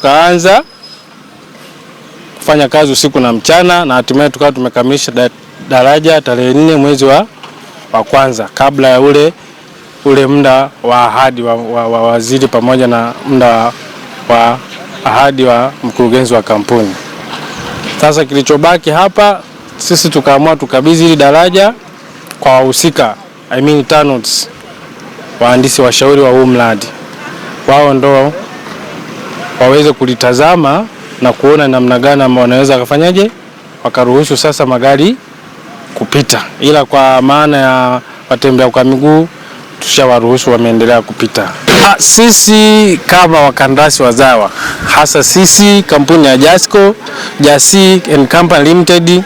tukaanza kufanya kazi usiku na mchana na hatimaye tukawa tumekamilisha daraja tarehe nne mwezi wa, wa kwanza kabla ya ule ule muda wa ahadi wa, wa, wa waziri pamoja na muda wa, wa ahadi wa mkurugenzi wa kampuni. Sasa kilichobaki hapa sisi tukaamua tukabidhi hili daraja kwa wahusika I mean tunnels, wahandisi washauri wa huu mradi, wao ndo waweze kulitazama na kuona namna gani ambao wanaweza wakafanyaje wakaruhusu sasa magari kupita, ila kwa maana ya watembea kwa miguu tushawaruhusu wameendelea kupita. Ha, ah, sisi kama wakandarasi wazawa hasa sisi kampuni ya Jasco Jasi and Company Limited,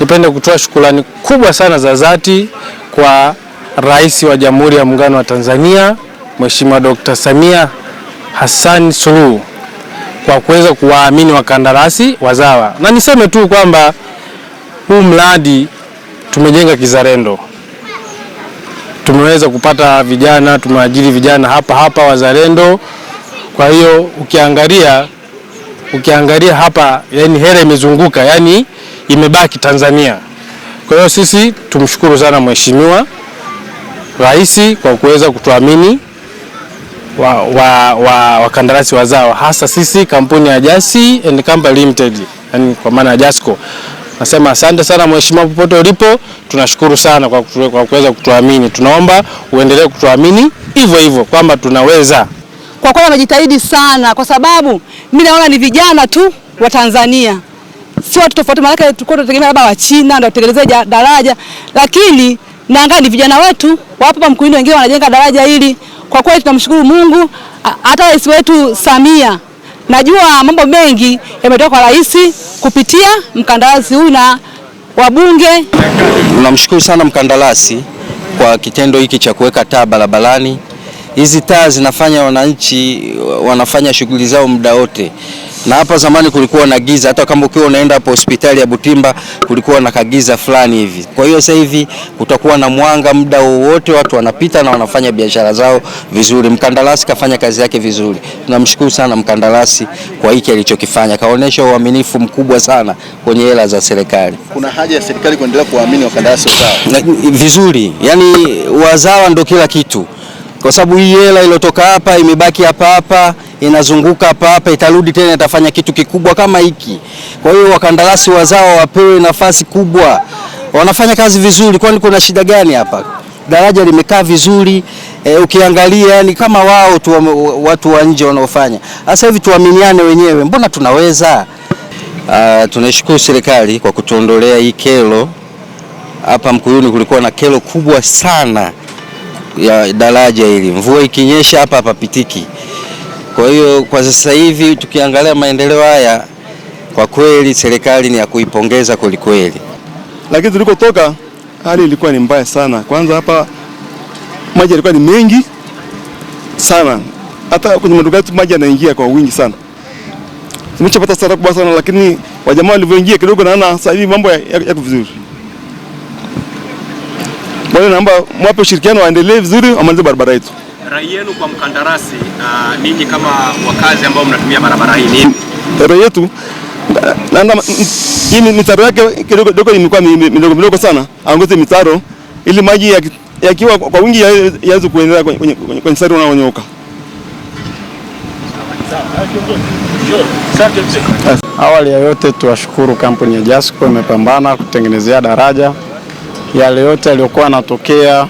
nipende kutoa shukrani kubwa sana za dhati kwa Rais wa Jamhuri ya Muungano wa Tanzania Mheshimiwa Dr. Samia Hassan Suluhu kwa kuweza kuwaamini wakandarasi wazawa, na niseme tu kwamba huu mradi tumejenga kizalendo, tumeweza kupata vijana, tumeajiri vijana hapa hapa wazalendo. Kwa hiyo ukiangalia ukiangalia hapa, yani hela imezunguka, yani imebaki Tanzania. Kwa hiyo sisi tumshukuru sana Mheshimiwa Rais kwa kuweza kutuamini wa, wa, wa, wa wazao hasa sisi kampuni ya Jasi and Kamba Limited, yani kwa maana ya Jasco. Nasema asante sana mheshimiwa, popote ulipo, tunashukuru sana kwa kwa kuweza kutuamini. Tunaomba uendelee kutuamini hivyo hivyo kwamba tunaweza. Kwa kweli wamejitahidi sana, kwa sababu mimi naona ni vijana tu wa Tanzania, sio watu tofauti, maana tulikuwa tunategemea labda wa China ndio tutengeneze daraja, lakini naangalia ni vijana wetu wapo hapa Mkuindo, wengine wanajenga daraja hili. Kwa kweli tunamshukuru Mungu, hata rais wetu Samia, najua mambo mengi yametoka kwa rais kupitia mkandarasi huyu na wabunge. Tunamshukuru sana mkandarasi kwa kitendo hiki cha kuweka taa barabarani. Hizi taa zinafanya wananchi wanafanya shughuli zao muda wote na hapa zamani kulikuwa na giza, hata kama ukiwa unaenda hapo hospitali ya Butimba kulikuwa na kagiza fulani hivi. Kwa hiyo sasa hivi kutakuwa na mwanga muda wowote, watu wanapita na wanafanya biashara zao vizuri. Mkandarasi kafanya kazi yake vizuri, tunamshukuru sana mkandarasi kwa hiki alichokifanya, kaonesha uaminifu mkubwa sana kwenye hela za serikali. Kuna haja ya serikali kuendelea kuwaamini wakandarasi wazao vizuri, yani wazawa ndio kila kitu, kwa sababu hii hela iliyotoka hapa imebaki hapa hapa inazunguka hapa hapa, itarudi tena itafanya kitu kikubwa kama hiki. Kwa hiyo wakandarasi wazao wapewe nafasi kubwa, wanafanya kazi vizuri, kwani kuna shida gani hapa? Daraja limekaa vizuri e, ukiangalia yani kama wao tu watu wa nje wanaofanya. Sasa hivi tuaminiane wenyewe, mbona tunaweza. Uh, ah, tunashukuru serikali kwa kutuondolea hii kero. Hapa Mkuyuni kulikuwa na kero kubwa sana ya daraja hili, mvua ikinyesha hapa hapapitiki. Kwa hiyo kwa sasa hivi tukiangalia maendeleo haya kwa kweli serikali ni ya kuipongeza kwelikweli, lakini tulikotoka hali ilikuwa ni mbaya sana. Kwanza hapa maji yalikuwa ni mengi sana, hata kwenye maduka yetu maji yanaingia kwa wingi sana. Tumechapata hasara kubwa sana, lakini wajamaa walivyoingia kidogo, naona sasa hivi mambo yako vizuri. Kwa hiyo naomba mwape ushirikiano, waendelee vizuri, wamalize barabara yetu. Rai yenu kwa mkandarasi uh, ninyi kama wakazi ambao mnatumia barabara hii nini? Rai yetu hii mitaro yake kidogo imekuwa midogo midogo sana, aongeze mitaro ili maji yakiwa kwa wingi yaanze kuendelea kwenye sari unaonyoka. Awali ya yote tuwashukuru kampuni ya Jasco imepambana kutengenezea daraja yale yote yaliyokuwa yanatokea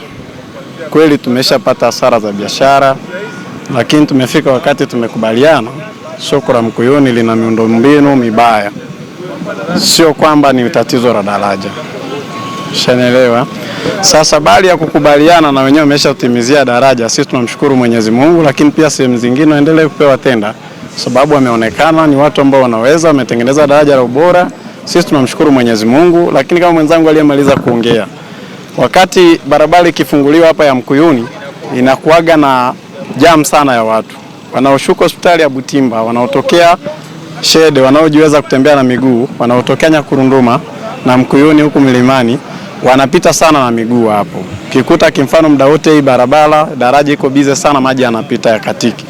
Kweli tumeshapata hasara za biashara, lakini tumefika wakati tumekubaliana soko la Mkuyuni lina miundombinu mibaya, sio kwamba ni tatizo la daraja. Shanelewa. Sasa bali ya kukubaliana na wenyewe wameshatimizia daraja, sisi tunamshukuru Mwenyezi Mungu, lakini pia sehemu zingine waendelee kupewa tenda, sababu wameonekana ni watu ambao wanaweza, wametengeneza daraja la ubora. Sisi tunamshukuru Mwenyezi Mungu, lakini kama mwenzangu aliyemaliza kuongea Wakati barabara ikifunguliwa hapa ya Mkuyuni inakuaga na jam sana ya watu wanaoshuka hospitali ya Butimba, wanaotokea Shede, wanaojiweza kutembea na miguu, wanaotokea Nyakurunduma na Mkuyuni huku milimani, wanapita sana na miguu hapo. Kikuta kimfano, muda wote hii barabara daraja iko bize sana, maji yanapita ya katiki.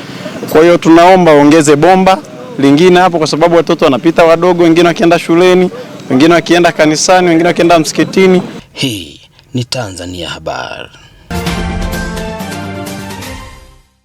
Kwa hiyo tunaomba ongeze bomba lingine hapo, kwa sababu watoto wanapita wadogo, wengine wakienda shuleni, wengine wakienda kanisani, wengine wakienda msikitini. Hii ni Tanzania Habari.